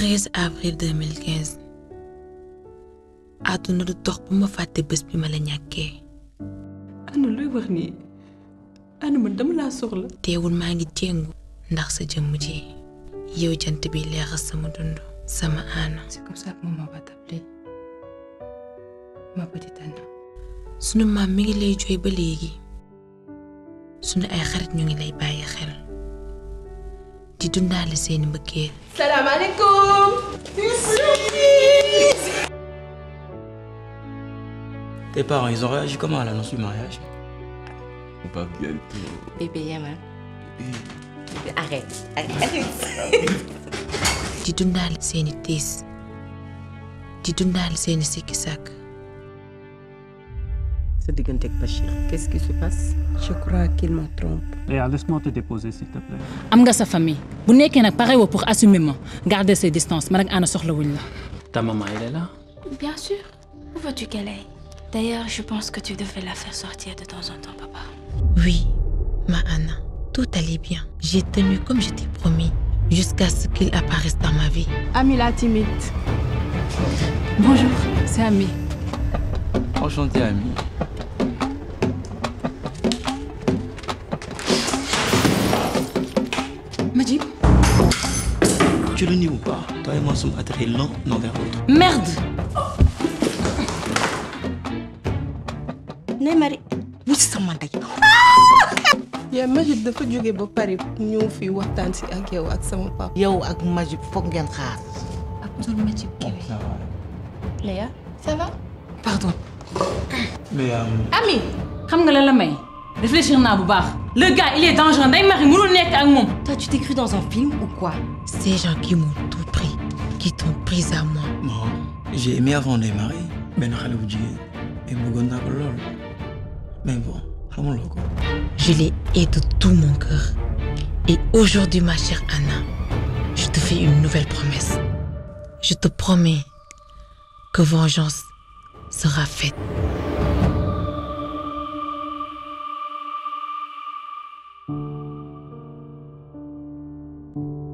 13 avril 2015 àdduna du dox ba ma fàtte bés bi ma la ñàkkee ana looy wax ni ana man dama laa soxla teewul maa ngi jéngu ndax sa jëmm ji yow jant bi leexal sama dund sama ana c'est comme ça que maman va t'appeler ma petite ana sunu maam mi ngi lay jooy ba léegi sunu ay xarit ñu ngi lay bàyyi xel di dundaale seeni Salam salaamaaleykum. Tes parents, ils ont réagi comment à l'annonce du mariage Pas bien Bébé, Yama. Hein, Bébé. arrête. Arrête. Ah, di dundaale seeni Tu di dundaale seeni sa qu'est-ce qui se passe. je crois qu'il me trompe. laisse-moi te déposer s'il te plaît. Amga sa famille Vous n'êtes qu'un appareil pour assumer garder ses distances ta maman elle est là. bien sûr où veux-tu qu'elle aille. d'ailleurs je pense que tu devais la faire sortir de temps en temps papa. oui ma Anna tout allait bien. j'ai tenu comme je t'ai promis jusqu'à ce qu'il apparaisse dans ma vie. Ami la timide. Bonjour, c'est Ami. Enchanté, Ami. Tu le nies ou pas, toi et moi sommes attirés l'un envers l'autre. Merde Neymari, oui, ça m'a dit. yaa Majib dafa jóge Paris nous yow sama papa. yow Majib Majib va..! Léa ça va. pardon. Mais euh, Ami xam nga la la réfléchir naboubar. le gars il est dangereux il Marie mënul ak moom. toi tu t'es cru dans un film ou quoi. ces gens qui m'ont tout pris qui t'ont pris à moi. Moi, j'ai aimé avant Ndeye Marie mais je bu jigéen mais bëggoon naa mais bon xamuloo ko. je l'ai aimé de tout mon cœur et aujourd'hui ma chère Anna je te fais une nouvelle promesse je te promets que vengeance sera faite. you